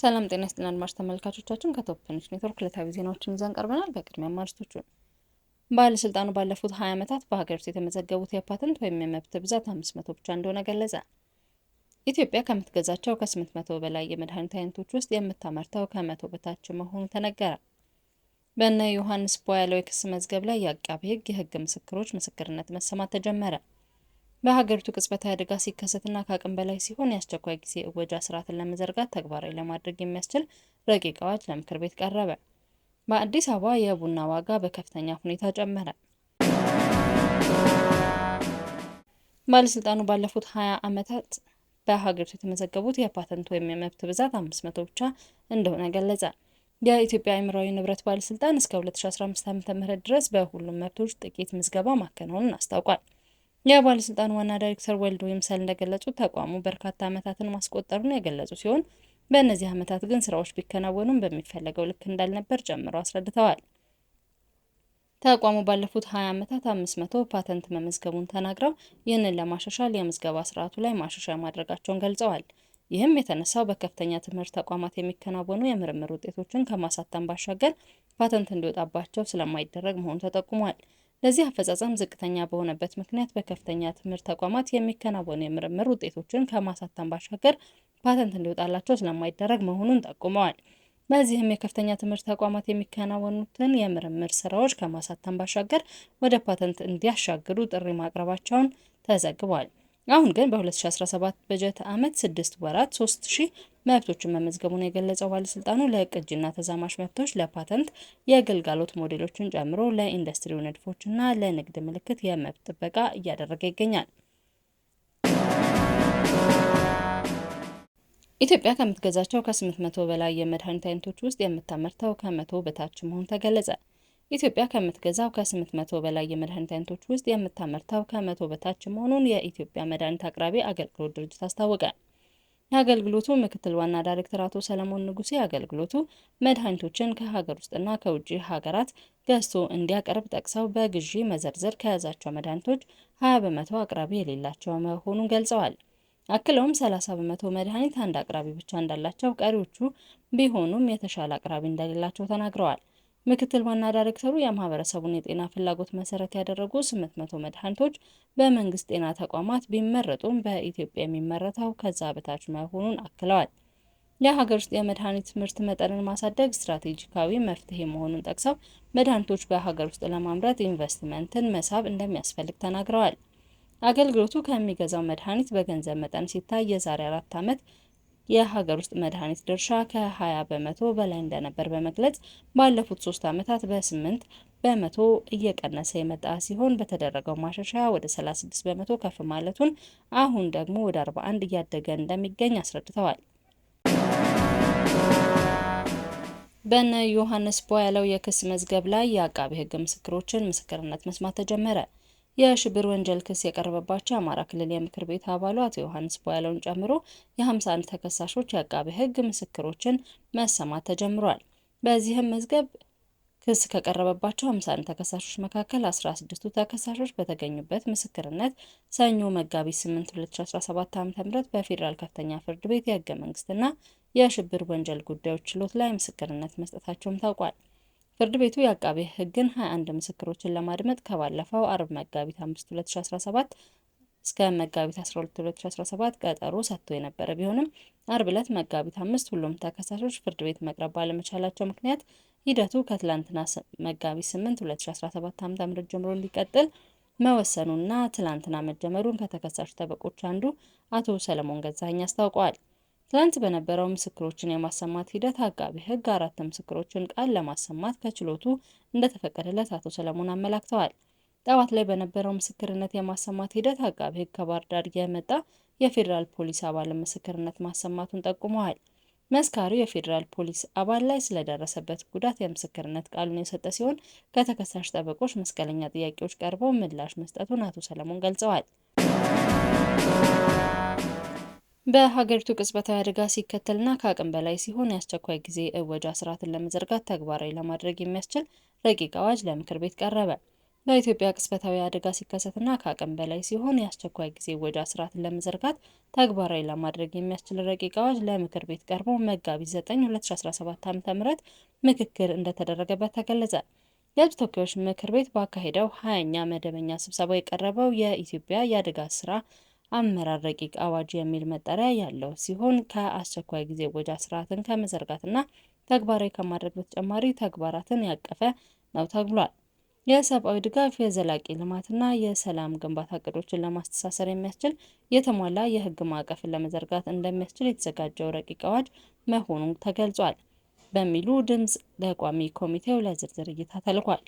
ሰላም ጤና ይስጥልን አድማጭ ተመልካቾቻችን፣ ከቶፕ ኔትወርክ ዕለታዊ ዜናዎችን ይዘን ቀርበናል። በቅድሚያ አርዕስቶቹ። ባለስልጣኑ ባለፉት 20 ዓመታት በሀገር ውስጥ የተመዘገቡት የፓተንት ወይም የመብት ብዛት 500 ብቻ እንደሆነ ገለጸ። ኢትዮጵያ ከምትገዛቸው ከ800 በላይ የመድኃኒት አይነቶች ውስጥ የምታመርተው ከመቶ በታች መሆኑ ተነገረ። በእነ ዮሐንስ ቦያለው የክስ መዝገብ ላይ የዐቃቤ ሕግ የሕግ ምስክሮች ምስክርነት መሰማት ተጀመረ። በሀገሪቱ ቅጽበታዊ አደጋ ሲከሰትና ከአቅም በላይ ሲሆን የአስቸኳይ ጊዜ እወጃ ስርዓትን ለመዘርጋት ተግባራዊ ለማድረግ የሚያስችል ረቂቅ አዋጅ ለምክር ቤት ቀረበ። በአዲስ አበባ የቡና ዋጋ በከፍተኛ ሁኔታ ጨመረ። ባለስልጣኑ ባለፉት 20 ዓመታት በሀገሪቱ የተመዘገቡት የፓተንት ወይም የመብት ብዛት 500 ብቻ እንደሆነ ገለጸ። የኢትዮጵያ አእምሯዊ ንብረት ባለስልጣን እስከ 2015 ዓ.ም ድረስ በሁሉም መብቶች ጥቂት ምዝገባ ማከናወኑን አስታውቋል። የባለስልጣን ዋና ዳይሬክተር ወልድ ይምሰል እንደገለጹት ተቋሙ በርካታ ዓመታትን ማስቆጠሩን የገለጹ ሲሆን በእነዚህ ዓመታት ግን ስራዎች ቢከናወኑም በሚፈለገው ልክ እንዳልነበር ጨምሮ አስረድተዋል። ተቋሙ ባለፉት 20 ዓመታት 500 ፓተንት መመዝገቡን ተናግረው ይህንን ለማሻሻል የምዝገባ ስርዓቱ ላይ ማሻሻያ ማድረጋቸውን ገልጸዋል። ይህም የተነሳው በከፍተኛ ትምህርት ተቋማት የሚከናወኑ የምርምር ውጤቶችን ከማሳተም ባሻገር ፓተንት እንዲወጣባቸው ስለማይደረግ መሆኑ ተጠቁሟል። ለዚህ አፈጻጸም ዝቅተኛ በሆነበት ምክንያት በከፍተኛ ትምህርት ተቋማት የሚከናወኑ የምርምር ውጤቶችን ከማሳተም ባሻገር ፓተንት እንዲወጣላቸው ስለማይደረግ መሆኑን ጠቁመዋል። በዚህም የከፍተኛ ትምህርት ተቋማት የሚከናወኑትን የምርምር ስራዎች ከማሳተም ባሻገር ወደ ፓተንት እንዲያሻግሩ ጥሪ ማቅረባቸውን ተዘግቧል። አሁን ግን በ2017 በጀት ዓመት 6 ወራት 3000 መብቶችን መመዝገቡን የገለጸው ባለስልጣኑ ለቅጂና ተዛማሽ መብቶች ለፓተንት የግልጋሎት ሞዴሎችን ጨምሮ ለኢንዱስትሪው ንድፎችና ለንግድ ምልክት የመብት ጥበቃ እያደረገ ይገኛል። ኢትዮጵያ ከምትገዛቸው ከ800 በላይ የመድኃኒት አይነቶች ውስጥ የምታመርተው ከመቶ በታች መሆኑ ተገለጸ። ኢትዮጵያ ከምትገዛው ከ800 በላይ የመድኃኒት አይነቶች ውስጥ የምታመርተው ከመቶ በታች መሆኑን የኢትዮጵያ መድኃኒት አቅራቢ አገልግሎት ድርጅት አስታወቀ። የአገልግሎቱ ምክትል ዋና ዳይሬክተር አቶ ሰለሞን ንጉሴ አገልግሎቱ መድኃኒቶችን ከሀገር ውስጥና ከውጭ ሀገራት ገዝቶ እንዲያቀርብ ጠቅሰው በግዢ መዘርዝር ከያዛቸው መድኃኒቶች ሀያ በመቶ አቅራቢ የሌላቸው መሆኑን ገልጸዋል። አክለውም 30 በመቶ መድኃኒት አንድ አቅራቢ ብቻ እንዳላቸው፣ ቀሪዎቹ ቢሆኑም የተሻለ አቅራቢ እንደሌላቸው ተናግረዋል። ምክትል ዋና ዳይሬክተሩ የማህበረሰቡን የጤና ፍላጎት መሰረት ያደረጉ 800 መድኃኒቶች በመንግስት ጤና ተቋማት ቢመረጡም በኢትዮጵያ የሚመረተው ከዛ በታች መሆኑን አክለዋል። የሀገር ውስጥ የመድኃኒት ምርት መጠንን ማሳደግ ስትራቴጂካዊ መፍትሄ መሆኑን ጠቅሰው መድኃኒቶች በሀገር ውስጥ ለማምረት ኢንቨስትመንትን መሳብ እንደሚያስፈልግ ተናግረዋል። አገልግሎቱ ከሚገዛው መድኃኒት በገንዘብ መጠን ሲታይ የዛሬ አራት ዓመት የሀገር ውስጥ መድኃኒት ድርሻ ከ20 በመቶ በላይ እንደነበር በመግለጽ ባለፉት ሶስት ዓመታት በ8 በመቶ እየቀነሰ የመጣ ሲሆን በተደረገው ማሻሻያ ወደ 36 በመቶ ከፍ ማለቱን፣ አሁን ደግሞ ወደ 41 እያደገ እንደሚገኝ አስረድተዋል። በነ ዮሐንስ ቧያለው የክስ መዝገብ ላይ የአቃቤ ሕግ ምስክሮችን ምስክርነት መስማት ተጀመረ። የሽብር ወንጀል ክስ የቀረበባቸው የአማራ ክልል የምክር ቤት አባሉ አቶ ዮሐንስ ቦያለውን ጨምሮ የ51 ተከሳሾች የአቃቤ ሕግ ምስክሮችን መሰማት ተጀምሯል። በዚህም መዝገብ ክስ ከቀረበባቸው 51 ተከሳሾች መካከል 16ቱ ተከሳሾች በተገኙበት ምስክርነት ሰኞ መጋቢት 8 2017 ዓ.ም በፌዴራል ከፍተኛ ፍርድ ቤት የህገ መንግስትና የሽብር ወንጀል ጉዳዮች ችሎት ላይ ምስክርነት መስጠታቸውም ታውቋል። ፍርድ ቤቱ የአቃቤ ሕግን 21 ምስክሮችን ለማድመጥ ከባለፈው አርብ መጋቢት 5 2017 እስከ መጋቢት 12 2017 ቀጠሮ ሰጥቶ የነበረ ቢሆንም አርብ ዕለት መጋቢት 5 ሁሉም ተከሳሾች ፍርድ ቤት መቅረብ ባለመቻላቸው ምክንያት ሂደቱ ከትላንትና መጋቢት 8 2017 ዓ.ም ጀምሮ እንዲቀጥል መወሰኑና ትላንትና መጀመሩን ከተከሳሽ ጠበቆች አንዱ አቶ ሰለሞን ገዛኸኝ አስታውቀዋል። ትላንት በነበረው ምስክሮችን የማሰማት ሂደት አቃቢ ሕግ አራት ምስክሮችን ቃል ለማሰማት ከችሎቱ እንደተፈቀደለት አቶ ሰለሞን አመላክተዋል። ጠዋት ላይ በነበረው ምስክርነት የማሰማት ሂደት አጋቢ ህግ ከባህር ዳር የመጣ የፌዴራል ፖሊስ አባል ምስክርነት ማሰማቱን ጠቁመዋል። መስካሪው የፌዴራል ፖሊስ አባል ላይ ስለደረሰበት ጉዳት የምስክርነት ቃሉን የሰጠ ሲሆን ከተከሳሽ ጠበቆች መስቀለኛ ጥያቄዎች ቀርበው ምላሽ መስጠቱን አቶ ሰለሞን ገልጸዋል። በሀገሪቱ ቅጽበታዊ አደጋ ሲከተልና ከአቅም በላይ ሲሆን የአስቸኳይ ጊዜ እወጃ ስርዓትን ለመዘርጋት ተግባራዊ ለማድረግ የሚያስችል ረቂቅ አዋጅ ለምክር ቤት ቀረበ። በኢትዮጵያ ቅጽበታዊ አደጋ ሲከሰትና ከአቅም በላይ ሲሆን የአስቸኳይ ጊዜ እወጃ ስርዓትን ለመዘርጋት ተግባራዊ ለማድረግ የሚያስችል ረቂቅ አዋጅ ለምክር ቤት ቀርቦ መጋቢት 9 2017 ዓ.ም ምክክር እንደተደረገበት ተገለጸ። የሕዝብ ተወካዮች ምክር ቤት ባካሄደው ሀያኛ መደበኛ ስብሰባ የቀረበው የኢትዮጵያ የአደጋ ስራ አመራር ረቂቅ አዋጅ የሚል መጠሪያ ያለው ሲሆን ከአስቸኳይ ጊዜ ወጃ ስርዓትን ከመዘርጋትና ተግባራዊ ከማድረግ በተጨማሪ ተግባራትን ያቀፈ ነው ተብሏል። የሰብአዊ ድጋፍ የዘላቂ ልማትና የሰላም ግንባታ እቅዶችን ለማስተሳሰር የሚያስችል የተሟላ የህግ ማዕቀፍን ለመዘርጋት እንደሚያስችል የተዘጋጀው ረቂቅ አዋጅ መሆኑ ተገልጿል በሚሉ ድምፅ ለቋሚ ኮሚቴው ለዝርዝር እይታ ተልኳል።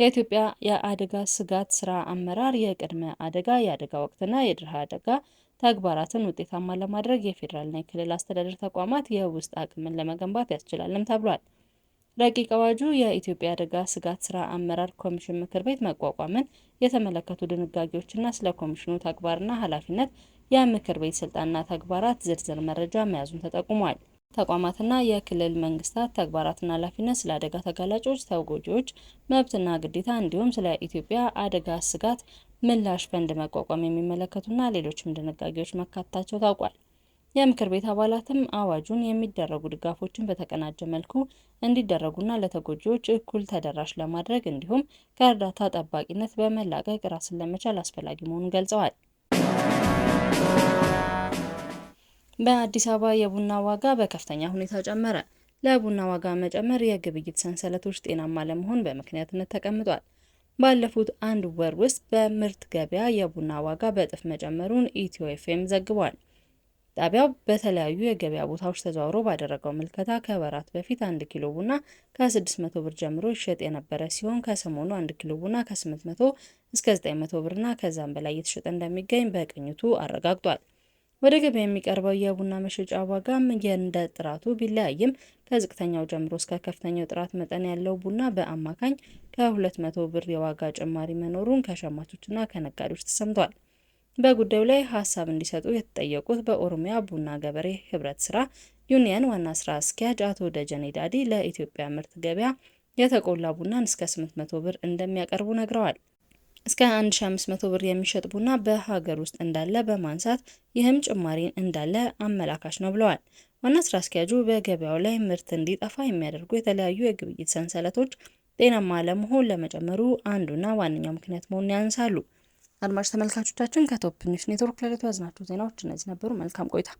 የኢትዮጵያ የአደጋ ስጋት ስራ አመራር የቅድመ አደጋ፣ የአደጋ ወቅትና የድርሃ አደጋ ተግባራትን ውጤታማ ለማድረግ የፌዴራልና የክልል አስተዳደር ተቋማት የውስጥ አቅምን ለመገንባት ያስችላልም ተብሏል። ረቂቅ አዋጁ የኢትዮጵያ አደጋ ስጋት ስራ አመራር ኮሚሽን ምክር ቤት መቋቋምን የተመለከቱ ድንጋጌዎችና ስለ ኮሚሽኑ ተግባርና ኃላፊነት የምክር ቤት ስልጣንና ተግባራት ዝርዝር መረጃ መያዙን ተጠቁሟል። ተቋማትና የክልል መንግስታት ተግባራትና ኃላፊነት፣ ስለ አደጋ ተጋላጮች ተጎጂዎች መብትና ግዴታ እንዲሁም ስለ ኢትዮጵያ አደጋ ስጋት ምላሽ ፈንድ መቋቋም የሚመለከቱና ሌሎችም ድንጋጌዎች መካተታቸው ታውቋል። የምክር ቤት አባላትም አዋጁን የሚደረጉ ድጋፎችን በተቀናጀ መልኩ እንዲደረጉና ለተጎጂዎች እኩል ተደራሽ ለማድረግ እንዲሁም ከእርዳታ ጠባቂነት በመላቀቅ ራስን ለመቻል አስፈላጊ መሆኑን ገልጸዋል። በአዲስ አበባ የቡና ዋጋ በከፍተኛ ሁኔታ ጨመረ። ለቡና ዋጋ መጨመር የግብይት ሰንሰለቶች ጤናማ ለመሆን በምክንያትነት ተቀምጧል። ባለፉት አንድ ወር ውስጥ በምርት ገበያ የቡና ዋጋ በእጥፍ መጨመሩን ኢትዮ ኤፍኤም ዘግቧል። ጣቢያው በተለያዩ የገበያ ቦታዎች ተዘዋውሮ ባደረገው ምልከታ ከወራት በፊት አንድ ኪሎ ቡና ከ600 ብር ጀምሮ ይሸጥ የነበረ ሲሆን ከሰሞኑ አንድ ኪሎ ቡና ከ800 እስከ 900 ብርና ከዛም በላይ እየተሸጠ እንደሚገኝ በቅኝቱ አረጋግጧል። ወደ ገበያ የሚቀርበው የቡና መሸጫ ዋጋም እንደ ጥራቱ ቢለያይም ከዝቅተኛው ጀምሮ እስከ ከፍተኛው ጥራት መጠን ያለው ቡና በአማካኝ ከ200 ብር የዋጋ ጭማሪ መኖሩን ከሸማቾችና ከነጋዴዎች ተሰምቷል። በጉዳዩ ላይ ሀሳብ እንዲሰጡ የተጠየቁት በኦሮሚያ ቡና ገበሬ ህብረት ስራ ዩኒየን ዋና ስራ አስኪያጅ አቶ ደጀኔ ዳዲ ለኢትዮጵያ ምርት ገበያ የተቆላ ቡናን እስከ 800 ብር እንደሚያቀርቡ ነግረዋል። እስከ 1500 ብር የሚሸጥ ቡና በሀገር ውስጥ እንዳለ በማንሳት ይህም ጭማሪ እንዳለ አመላካች ነው ብለዋል። ዋና ስራ አስኪያጁ በገበያው ላይ ምርት እንዲጠፋ የሚያደርጉ የተለያዩ የግብይት ሰንሰለቶች ጤናማ ለመሆን ለመጨመሩ አንዱና ዋነኛው ምክንያት መሆኑን ያንሳሉ አድማጭ ተመልካቾቻችን ከቶፕ ኒውስ ኔትወርክ ለዕለቱ ያዝናቸው ዜናዎች እነዚህ ነበሩ። መልካም ቆይታ